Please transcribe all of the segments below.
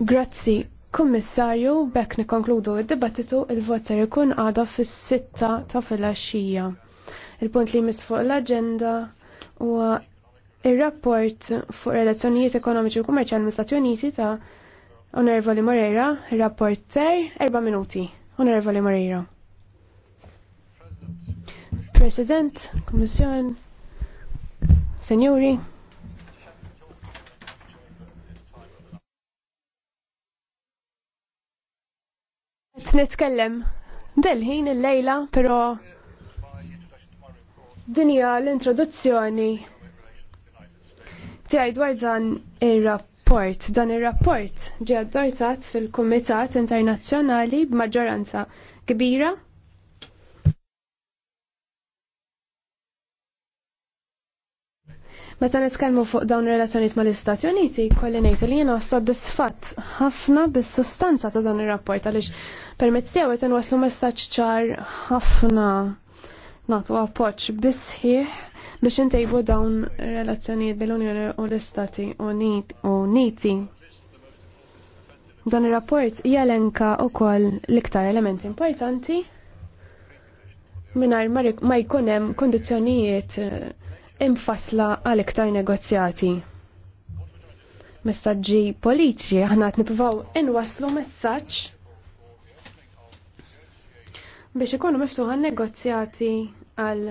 Grazzi. Kummissarju, bekk nikonkludu id-dibattitu il-vot ser ikun għada fis-sitta ta' filgħaxija. Il-punt li jmiss fuq l-aġenda huwa ir-rapport fuq relazzjonijiet ekonomiċi u kummerċjali mill-Stati Uniti ta' Onorevoli Moreira, rapporter, erba' minuti. Onorevoli Moreira. President, Kommissjon, Senjuri. nitkellem del-ħin il-lejla, Din dinja l-introduzzjoni tiegħi dwar dan ir-rapport. Dan ir-rapport ġie addorzat fil-Kumitat Internazzjonali b'maġġoranza kbira Meta nitkellmu fuq dawn ir-relazzjonijiet mal-Istati Uniti, kolli ngħid li jiena soddisfatt ħafna bis-sustanza ta' dan ir-rapport għaliex permezz tiegħu qed inwasslu messaġġ ċar ħafna nagħtu appoġġ bisħieħ biex intejbu dawn relazzjonijiet bil-Unjoni u l-Istati Uniti. Dan ir-rapport jelenka wkoll l-iktar elementi importanti mingħajr ma jkun hemm kondizzjonijiet eh, imfasla għal iktar negozjati. Messaġġi politiċi aħna qed nippruvaw inwaslu messaġġ biex ikunu miftuħa negozjati għal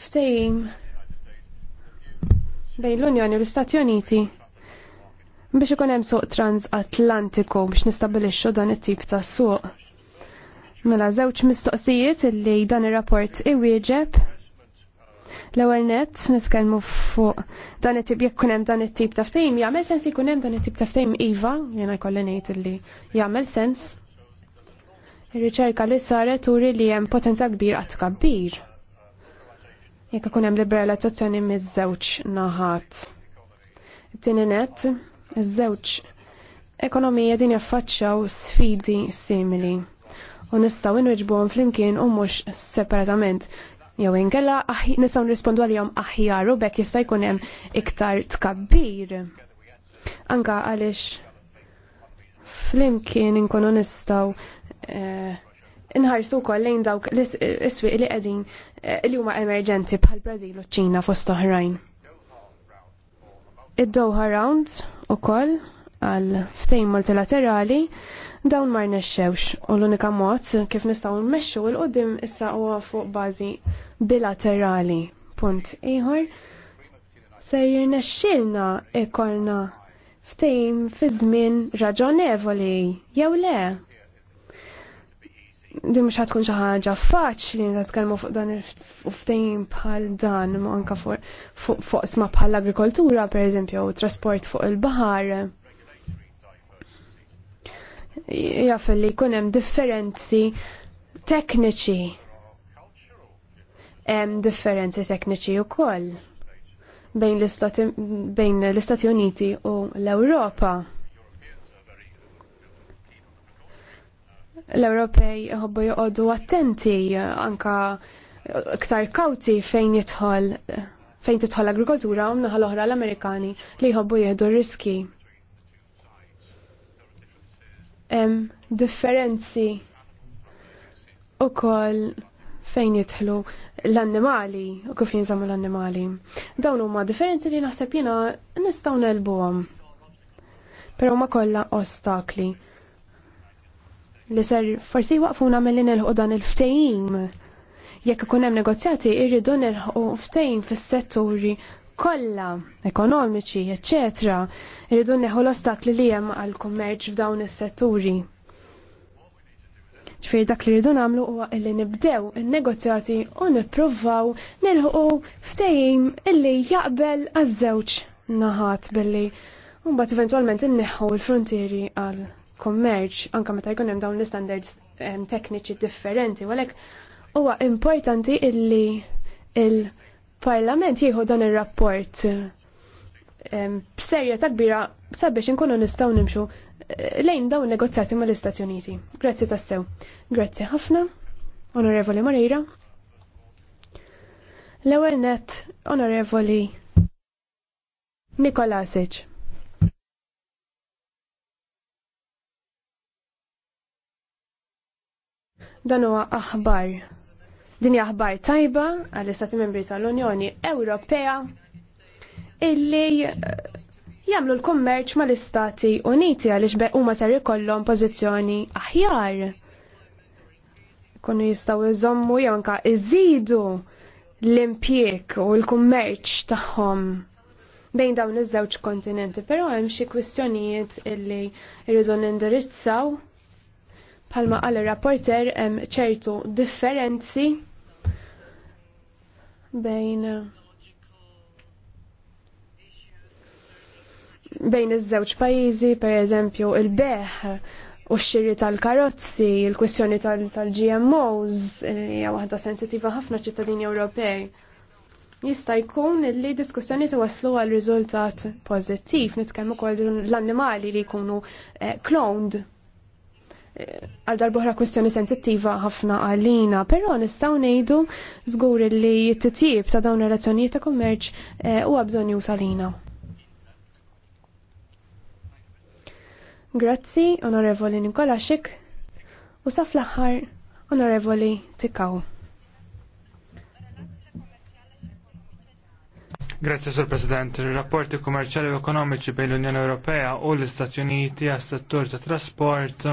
ftehim bejn l-Unjoni u l-Istati Uniti biex ikun hemm suq transatlantiku biex nistabilixxu dan it-tip ta' suq. Mela żewġ mistoqsijiet illi dan ir-rapport iwieġeb L-ewwel nett nitkellmu fuq dan it-tip jekk kunem hemm dan it-tip ta' ftehim, jagħmel sens jkun hemm dan it-tip ta' ftehim iva, jiena jkolli ngħid li jagħmel sens. Ir-riċerka li saret turi li hemm potenza kbir għad kabbir. Jekk ikun hemm liberalizzazzjoni miż-żewġ naħat. Tieni nett, iż-żewġ ekonomija din jaffaċċaw sfidi simili u nistaw inweġbuhom flimkien u mhux separatament jew inkella nistgħu nirrispondu għalihom aħjar u bekk jista' jkun hemm iktar tkabbir. Anka għaliex flimkien inkunu nistgħu eh, inħarsu wkoll lejn dawk l-iswieq li għedin eh, li huma emerġenti bħal Brażil u ċ-Ċina fost oħrajn. Id-Doha Round ukoll għal ftejn multilaterali dawn ma rnexxewx u l-unika mod kif nistgħu nmexxu il qudiem issa huwa fuq bażi bilaterali. Punt ieħor se jirnexxilna ikolna ftejn fi żmien raġonevoli jew le. Din mhux tkun xi ħaġa faċli li nitkellmu fuq dan ftejn bħal dan anke fuq fuq sma bħal agrikoltura pereżempju u trasport fuq il-baħar Jaffel li jkun hemm differenzi tekniċi. Hemm differenzi tekniċi wkoll bejn l-Istati Uniti u l-Ewropa. L-Ewropej jħobbu joqogħdu attenti anka iktar kawti fejn jitħol fejn tidħol l-agrikoltura u mnaħal oħra l-Amerikani li jħobbu jieħdu riski em, differenzi u koll fejn jitħlu l-annimali u kif jinżammu l-annimali. Dawn huma differenzi li naħseb jiena nistgħu nelbuhom. Però ma kollha ostakli li ser forsi waqfuna mill-li nilħu dan il-ftejim. Jekk ikun hemm negozjati irridu nilħu ftejim fis-setturi Kolla ekonomiċi, eċċetera, irridu neħu l-ostakli li hemm għal kummerċ f'dawn is-setturi. Ġifieri dak li rridu nagħmlu huwa illi nibdew il negozjati u nippruvaw nilħu ftejim illi jaqbel għaż-żewġ naħat billi mbagħad eventwalment inneħħu l-frontieri għal kummerċ anke meta jkun hemm dawn l-istandards tekniċi differenti, għalhekk huwa importanti illi il- parlament jieħu dan ir-rapport b'serja ta' kbira sabiex inkunu nistgħu nimxu eh, lejn dawn negozjati mal-Istati Uniti. Grazzi tassew. Grazzi ħafna, Onorevoli Marira. L-ewwel net, Onorevoli Nikolasic. Dan huwa aħbar Din jaħbar tajba għall-Istati Membri tal-Unjoni Ewropea illi eh, jagħmlu l-kummerċ mal-Istati Uniti għaliex huma ser jkollhom pożizzjoni aħjar. Kunu jistgħu jżommu jonka iżidu l-impjieg u l-kummerċ tagħhom bejn dawn iż-żewġ kontinenti, però hemm xi kwistjonijiet illi rridu nindirizzaw. Palma għal rapporter hemm ċertu differenzi bejn bejn iż-żewġ pajjiżi, per eżempju, il-beħ u x-xiri tal-karozzi, il-kwistjoni tal-GMOs, -tal eh, hija waħda sensitiva ħafna ċittadini Ewropej. Jista' jkun li diskussjoni waslu għal riżultat pożittiv, nitkellmu ukoll l-annimali li jkunu eh, cloned għal darbuħra kwestjoni sensittiva ħafna għalina, pero nistaw nejdu zgur li t-tib ta' dawn relazzjonijiet ta' kummerċ eh, u għabżon jusalina. Grazzi, onorevoli Xik, u saf l onorevoli Tikaw. Grazie, Sur President. Rapporti kummerċali u ekonomiċi bejn l-Unjoni Ewropea u l-Istati Uniti għas settur ta' trasport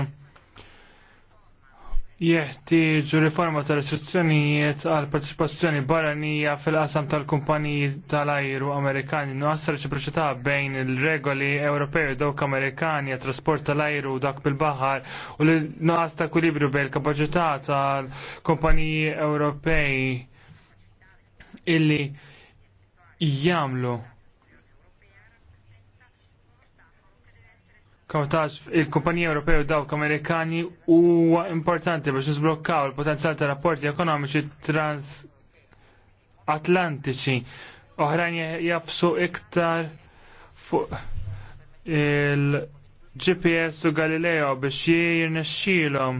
jeħtieġu riforma tal-istituzzjonijiet għal partecipazzjoni barranija fil-qasam tal-kumpaniji tal-ajru Amerikani nuqqas reċiproċità bejn il-regoli Ewropej u dawk Amerikani għat trasport tal-ajru u dak bil-baħar u li nuqqas ta' ekwilibru bejn il-kapaċità tal-kumpaniji Ewropej illi jamlu Kautax, il-kumpanija Ewropew dawk Amerikani huwa importanti biex nisblokkaw il-potenzjal ta' rapporti ekonomiċi transatlantiċi oħrajn jafsu iktar fuq il-GPS u Galileo biex jirnexxilhom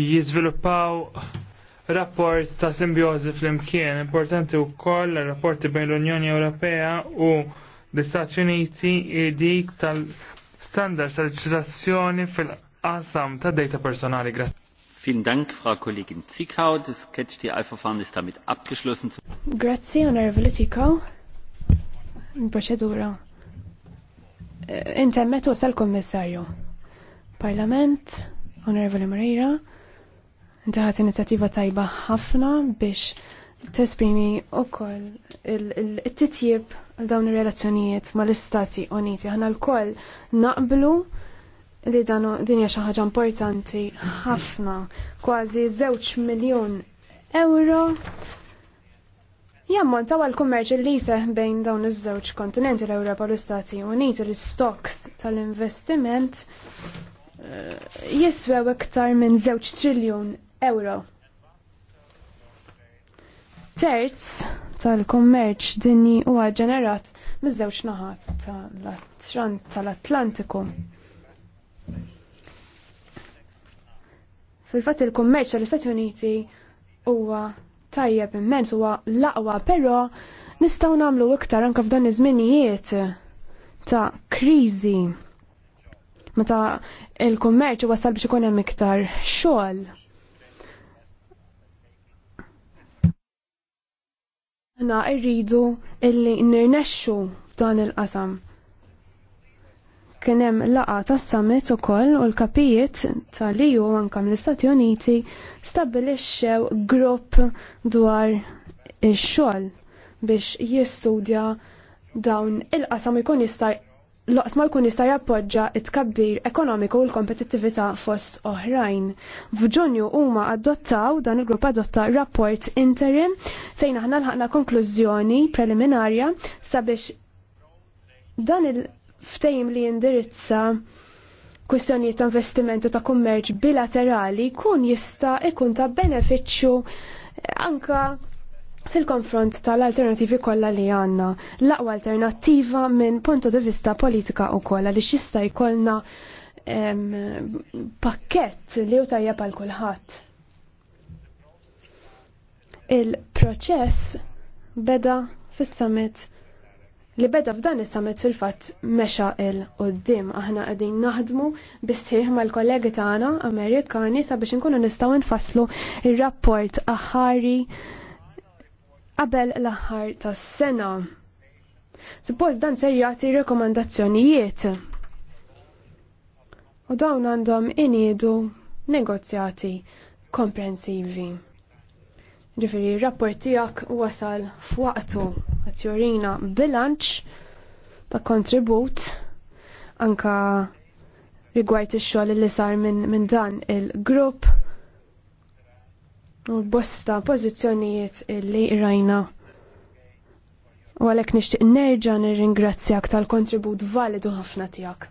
jiżviluppaw rapport ta' simbiozi fl-imkien importanti u koll rapporti bejn l-Unjoni Ewropea u l-Istati Uniti dik tal standard tal-leġislazzjoni fil-qasam ta' data personali. Grazie. Vielen Dank, Frau Kollegin Zickau. Das catch verfahren ist damit abgeschlossen. Grazie, Onorevole Zickau. Procedura. Eh, Intermetto sal commissario. Parlament, Onorevole Moreira. Daħat inizjattiva tajba ħafna biex tesprimi u koll il-titjib għal dawn il-relazzjonijiet ma l-Istati Uniti. Għana l-koll naqblu li danu dinja xaħġa importanti ħafna, kważi 0 miljon euro Jammonta għal kummerċ li jiseħ bejn dawn iż-żewġ kontinenti l-Ewropa u l-Istati Uniti l-stocks tal-investiment eh, jiswew iktar minn 2 triljun euro. Terz tal-kummerċ dinji huwa ġenerat miż-żewġ naħat tal-Atlantiku. Fil-fatt il-kummerċ tal-Istati Uniti huwa tajjeb immens huwa laqwa, però nistgħu nagħmlu iktar anke f'dan iż-żminijiet ta' kriżi meta il-kummerċ wasal biex ikun hemm iktar xogħol. Na rridu illi nirnexxu f'dan il-qasam. Kien hemm laqgħa tas-summit ukoll u l-kapijiet tal Liju anke mill-Istati Uniti stabilixxew grupp dwar ix-xogħol biex jistudja dawn il-qasam ikun jista' l ma jkun jista' jappoġġa it-tkabbir ekonomiku u l-kompetittività fost oħrajn. F'Ġunju huma adottaw dan il-grupp adotta rapport interim fejn aħna lħaqna konklużjoni preliminarja sabiex dan il-ftejm li jindirizza kwistjonijiet ta' investimentu ta' kummerċ bilaterali kun jista' ikun ta' benefiċċju anka fil-konfront tal-alternativi kollha li għandna, l-aqwa alternattiva minn punto di vista politika u kollha li xista jkollna pakkett li u tajja pal kulħadd. Il-proċess beda fis-summit li beda f'dan is-summit fil-fatt mexa il qudiem aħna qegħdin naħdmu bis-sieħ mal-kollegi tagħna Amerikani sabiex inkunu nistgħu nfasslu ir-rapport aħari qabel l-aħħar tas-sena. Suppost dan ser jagħti rekomandazzjonijiet. U dawn għandhom iniedu negozjati komprensivi. rapport rapportijak wasal f'waqtu għat jorina bilanċ ta' kontribut anka rigward ix-xogħol li sar minn min dan il-grupp u bosta pożizzjonijiet li rajna. U għalhekk nixtieq nerġa' nirringrazzjak tal-kontribut validu ħafna tiegħek.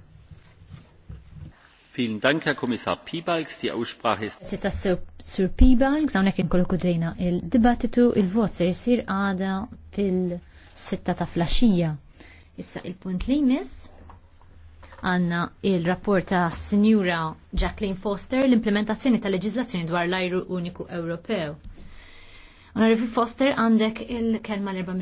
Vielen Dank, Herr Kommissar Piebalgs. Die Aussprache ist... Zita Sir Piebalgs, għonek inkollu kudrejna il-dibattitu, il-vot ser jisir għada fil-sitta ta' flasġija. Issa il-punt li jmiss għanna il-rapport ta' Signora Jacqueline Foster l-implementazzjoni ta' leġizlazzjoni dwar l-ajru uniku Ewropew. Onorevoli Foster, għandek il-kelma l-erba'